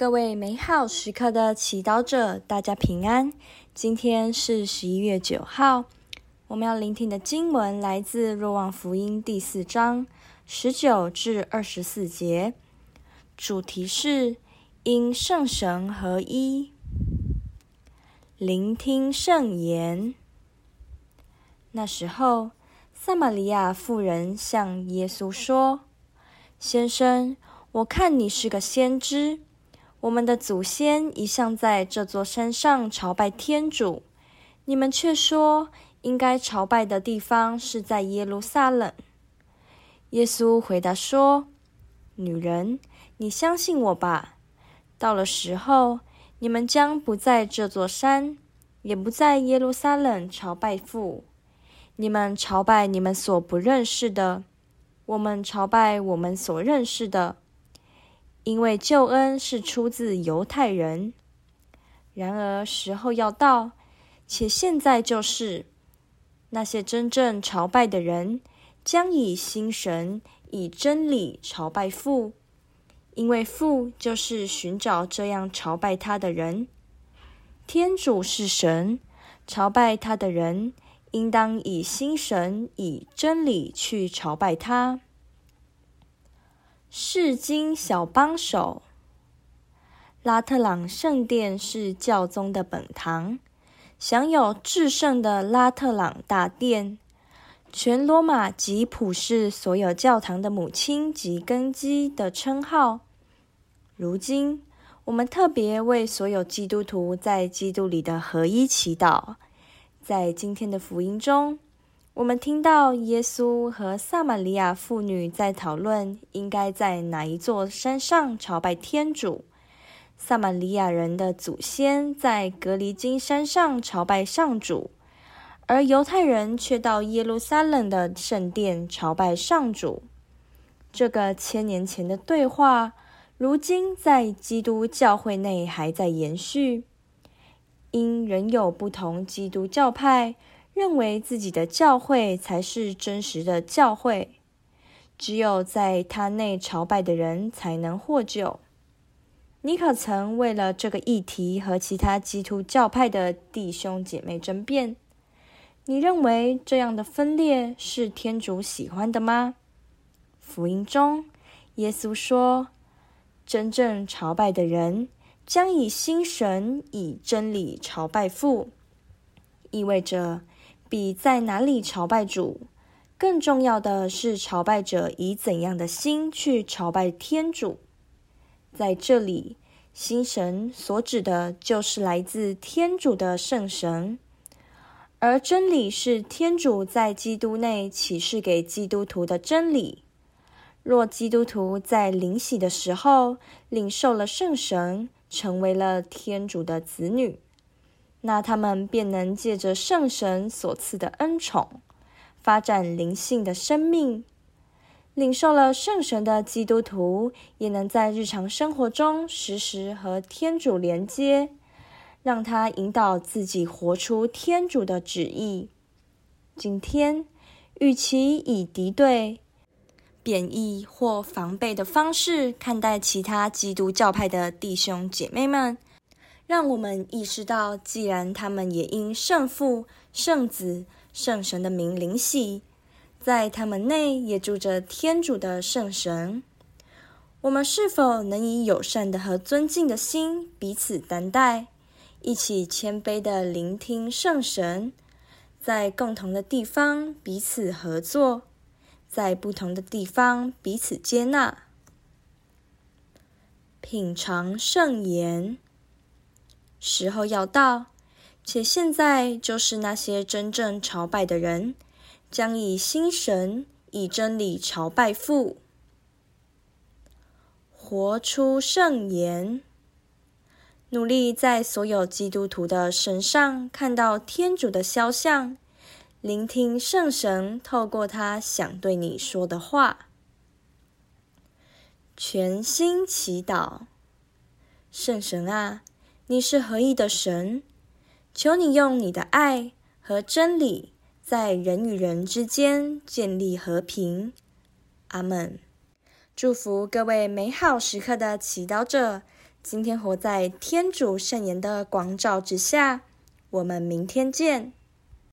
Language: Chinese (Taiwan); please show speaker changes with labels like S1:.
S1: 各位美好時刻的祈禱者，大家平安。今天是十一月九號，我們要聆聽的經文來自《若望福音》第四章十九至二十四節，主題是“因聖神合一”。聆聽聖言。那時候，撒瑪黎雅婦人向耶穌說：“先生，我看你是個先知。”我們的祖先一向在這座山上朝拜天主，你們卻說，應該朝拜的地方是在耶路撒冷。耶穌回答說：“女人，你相信我吧，到了時候，你們將不在這座山，也不在耶路撒冷朝拜父。你們朝拜你們所不認識的，我們朝拜我們所認識的。”因為救恩是出自猶太人，然而時候要到，且現在就是，那些真正朝拜的人將以心神以真理朝拜父，因為父就是尋找這樣朝拜他的人。天主是神，朝拜他的人應當以心神以真理去朝拜他。釋經小幫手。拉特朗聖殿是教宗的本堂，享有至聖的拉特朗大殿，全羅馬及普世所有教堂的母親及根基的稱號。如今，我們特別為所有基督徒在基督裡的合一祈禱。在今天的福音中。我們聽到耶穌和撒瑪黎雅婦女在討論應該在哪一座山上朝拜天主。撒瑪黎雅人的祖先在革黎斤山上朝拜上主，而猶太人卻到耶路撒冷的聖殿朝拜上主。這個千年前的對話，如今在基督教會內還在延續，因仍有不同基督教派。認為自己的教會才是真實的教會，只有在他內朝拜的人才能獲救。你可曾為了這個議題和其他基督教派的弟兄姐妹爭辯？你認為這樣的分裂是天主喜歡的嗎？福音中，耶穌說：“真正朝拜的人將以心神以真理朝拜父。”意味着。比在哪裡朝拜主更重要的是，朝拜者以怎樣的心去朝拜天主。在這裡，心神所指的就是來自天主的聖神，而真理是天主在基督內啟示給基督徒的真理。若基督徒在領洗的時候領受了聖神，成為了天主的子女。那他們便能借着聖神所賜的恩寵，發展靈性的生命；領受了聖神的基督徒，也能在日常生活中時時和天主連接，讓祂引導自己活出天主的旨意。今天，與其以敵對、貶抑或防備的方式看待其他基督教派的弟兄姐妹們。讓我們意識到，既然他們也因聖父、聖子、聖神的名領洗，在他們內也住着天主的聖神，我們是否能以友善的和尊敬的心彼此擔待，一起謙卑的聆聽聖神，在共同的地方彼此合作，在不同的地方彼此接納，品嚐聖言。時候要到，且現在就是那些真正朝拜的人，將以心神以真理朝拜父，活出聖言，努力在所有基督徒的身上看到天主的肖像，聆聽聖神透過他想對你說的話，全心祈禱，聖神啊。你是合一的神，求你用你的愛和真理，在人與人之間建立和平。阿門。祝福各位美好時刻的祈禱者，今天活在天主聖言的光照之下。我們明天見。